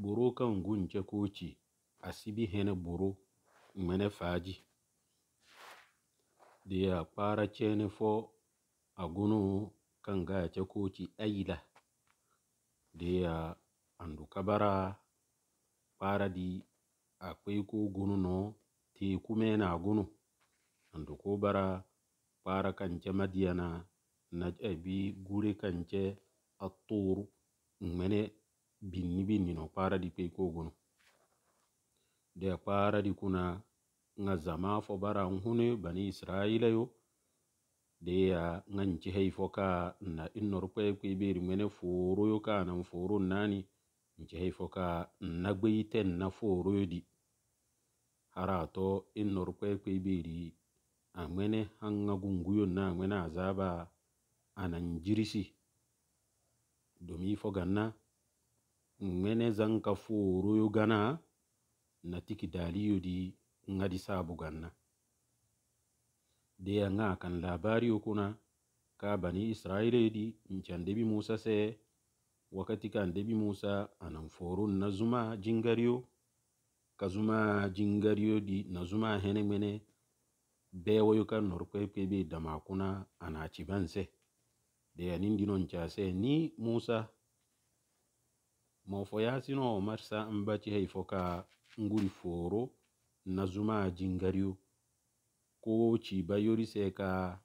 boro kan gun nkyɛ koci a boro ŋmɛnɛ faaji dee a kpaara kyɛɛnɛ fɔɔ a gonoo kan gaa kyɛ kooki ayi la dee a an du kpaara di a kpei koo gonu nɔɔ tee kumɛɛnɛ a gonu an koo baraa kan kyɛ madiyana na bii gure kan kyɛ a tuuru ŋmɛnɛ binni binni no paradi pei kogono de paradi kuna ŋa zama fo baran hune bani israila yo de ya ŋanci hei fo ka na innor kwei kwei beri mene foro yo ka nan foro nani nci hei fo ka na gbei ten na foro yo di hara to innor kwei kwei beri a mene hanga gungu yo na mene azaba a nan jirisi domi fo ganna mene zan ka royo gana na tiki daliyo di ngadi sabu ganna deya nga kan labari okuna ka bani israile di nci andebi musa se wakati ka andebi musa anan na zuma jingariyo ka zuma jingariyo di na zuma hene mene bewa ka norkwe be damakuna anachibanse. deya nindino nchase ni musa ya yasino marsa mbaci hay ka nguri foro na zuma jingariyo ko ci bayori se ka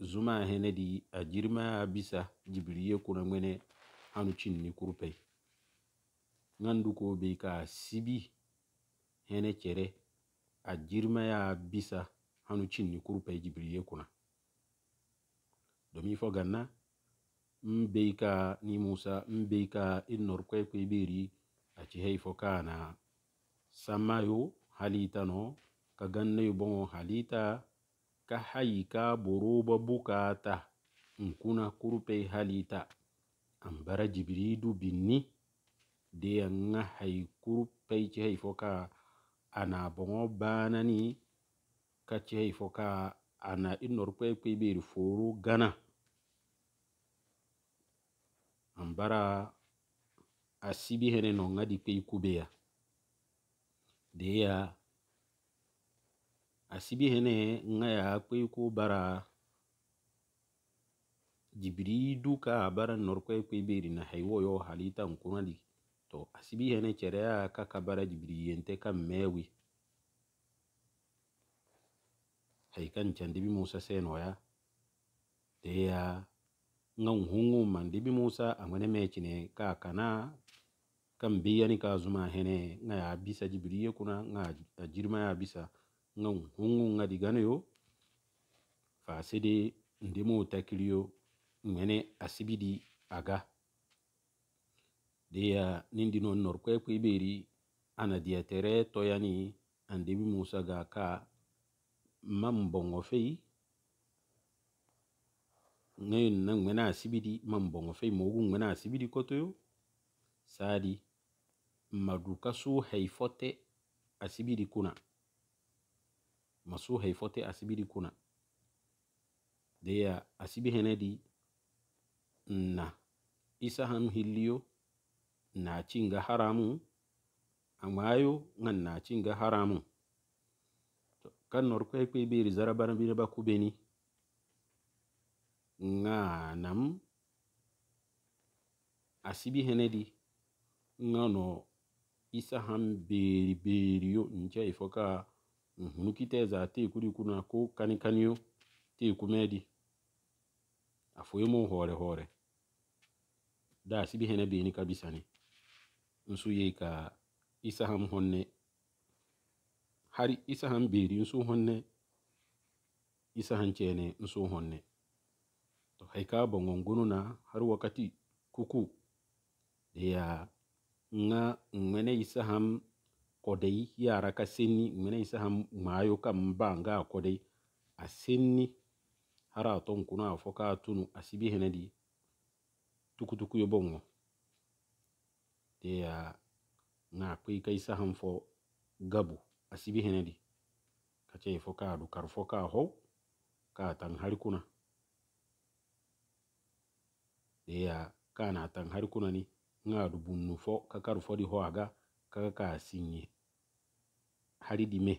zuma henedi a jirma bisa jibriye kuna mwene hanu cinni kurpey gandu ko be ka sibi hene chere a ya bisa hanu cinni kurpey jibriye kuna domin fo ganna n bei ka ni musa n bei ka i nor kwekwe biri a ci hei fo kana samma yu halita no ka ganna yu bongo halita ka hayi ka boroba bukata n kuna kurpei halita an bara jibridu binni de nga hayi kurpei ci hei fo ka ana bongo banani ka ci hei fo ka ana i nor kwekwe biri foru gana ambara asibihere na ọṅa dikpe ikwube ya dee ya asibihene ṅa ya akpe ikwu bara jibiri duka bara norkwe kwe beri na haiwo yo halita nkunali to asibihene chere ya kaka bara jibiri yente kan mewi haikan chandibi musa senoya deya nga nhungu mandibi musa angwene mechine ka kana kambiya ni ka zuma hene nga ya bisa jibriye kuna nga ajirma ya bisa nga nhungu nga digano yo fasede ndimo takiliyo ngwene asibidi aga a nindi non norkwe tere ana ya toyani andibi musa ga ka mambongo fei ngayon na ngwena asibidi mambo nga fay mogu ngwena asibidi koto yo sadi maduka su hayfote asibidi kuna masu hayfote asibidi kuna deya asibi henedi na isa hanu hilliyo na cinga haramu amayo ngan na cinga haramu kan norko ekwe beri zarabana bina bakubeni nam ng'anam asibihen di ng'ano isaham beeri beeriyo nca ifoka nhunukiteza tekuri kuna ko kani kaniyo tekumedi afoyemo hore hore da asibihene beni kabisani nsu yeka isaham honne hari isaham beri nsu honne isahan cene nsu honne to haika na har wakati kuku ya nga ngwene isa ham kodai ya ka senni ngwene isa ham mayo kam banga kodai a senni har ton kuna afoka tunu asibi sibi henedi tukutuku yo bongo ya nga kai kai isa ham fo gabu a sibi henedi kace foka du kar foka ho ka tan har kuna eya kana tan har kuna ni nga du bunnu fo kakaru fo di hoaga kakaka sinyi hari di me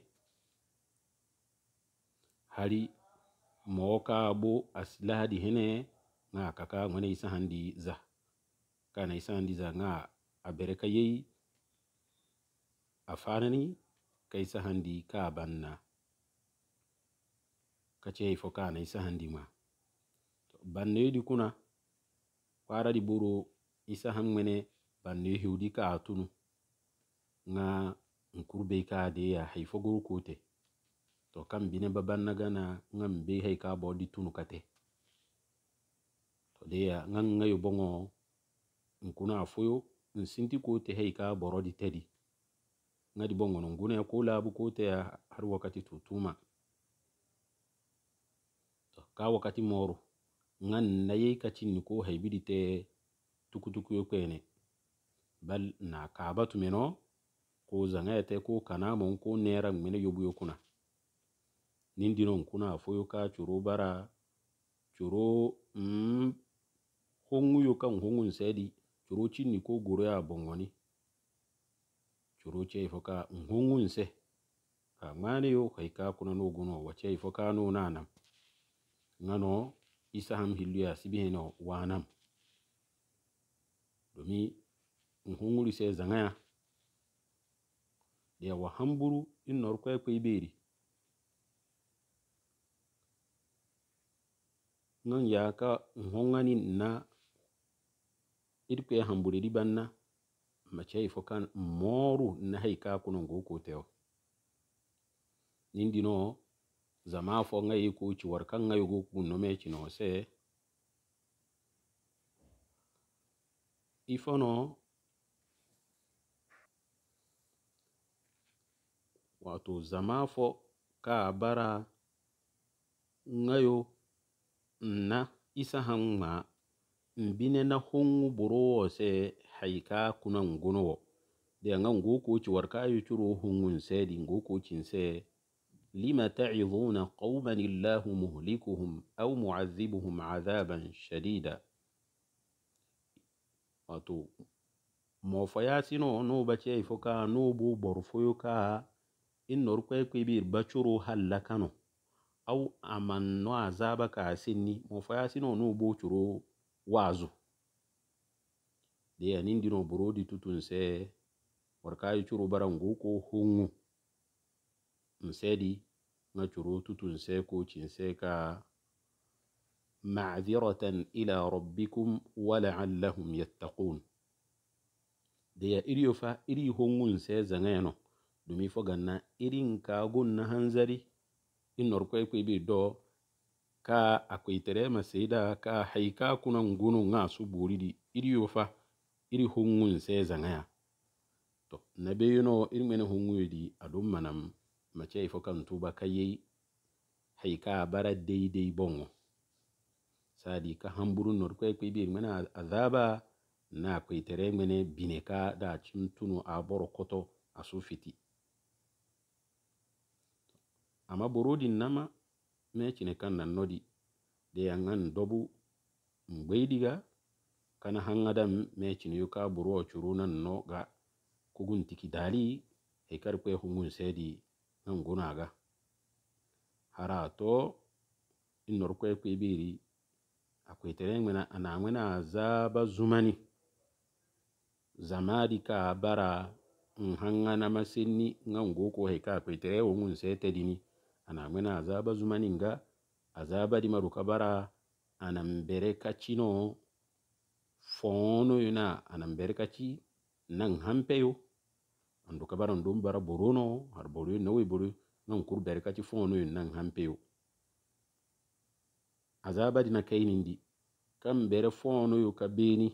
hari mooka bo asilaha di hene nga kaka ngone isa handi za kana isa handi za nga abere ka yei afana ni ka isa handi ka banna kace fo kana isa handi ma banna yidi kuna faradi buru isa han mene bannu yi hiwdi ka a tunu nga nkurbe ka de ya haifo guru kote to kan bine baban na gana nga mbe hai ka bo di tunu kate to de ya nga nga yu bongo nkuna afuyo nsinti kote hai ka bo rodi tedi nga di bongo nunguna ya kula abu kote ya haru wakati tutuma to ka wakati moro ngan na ye kati ni ko haibidi te tuku yo kwene bal na kaba meno ko zangaya te ko kana mon ko nera mene yobu yo kuna nindino nkuna afoyo ka coro bara coro mm, hongu yo ka hongu nsedi coro chin ko goro ya bongoni coro che ifoka nhongu nse ka yo kai ka kuna no gono wache ifoka no nanam ngano isa ham hilluya sibi heno wanam domi nhunguli se zangaya de wa hamburu in norko e kwe beri nan ya ka nhungani na irko e hamburi ribanna mace ifo kan moru na haika kunan goko teo nindino zama fo ngai ku ci war kan ngai go ku no me ci no se ifono wato zama fo ka bara ngayo na isa hamma mbine na hongu burowo se haika kuna ngunowo de nga ngoku ci war ka yu curo hungun se di ngoku cin se لم تعظون قوما الله مهلكهم أو معذبهم عذابا شديدا wato mofayati no no bace ifo ka no bu borfoyo ka in nor kwe kwe bir bachuro hallakano au amanno azaba ka sinni mofayati no no bu churo wazu de anindi no burodi tutun se warkayi churo barangu ko hungu nse di nga curu tutu nse kuci ka ila rabbikum wala allahum yattaqun deya iriyo fa iri hongun nse zangeno dumi ganna irin kagun na hanzari inor kwekwe bi do ka akwaitere masaida ka haika kunan gunu nga su buridi iriyo fa iri hungun sai zangaya to na beyino irin hungu di adum manam mace ifo kan tuba yi haika bara daidai bongo sadi ka hamburu nor kwe kwe bir mana azaba na kwe tere mene ka da cintunu a boro koto a sufiti amma burodin nama mecine kan nan nodi de yangan dobu mgbeidiga kana hangadam mecine yuka buru curu nan no ga kugun tiki dali haikar kwe hungun di. nangunaga harato inorkwe kwibiri akwetere namwe zaba zumani zamadi ka bara nhanga na maseni nganguko heka akwetere wongu nsete dini anamwe zaba zumani nga azaba di maruka bara anambereka chino fono yuna anambereka chi nan hampeyo andu kabaran dum bara boruno har boru no we boru nan kur dare kati fono yin nan hampeo azaba dina kaini ndi kam bere fono yo kabeni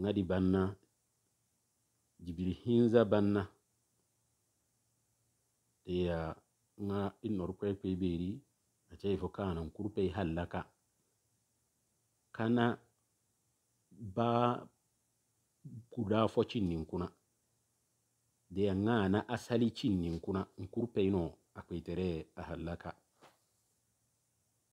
ngadi banna jibiri hinza banna te ya nga inor kwe kwe beri acha ifo kana nkuru pe halaka kana ba kuda fochi ninkuna kuna de ngana asali chini nkuna nkurupe ino a ahalaka.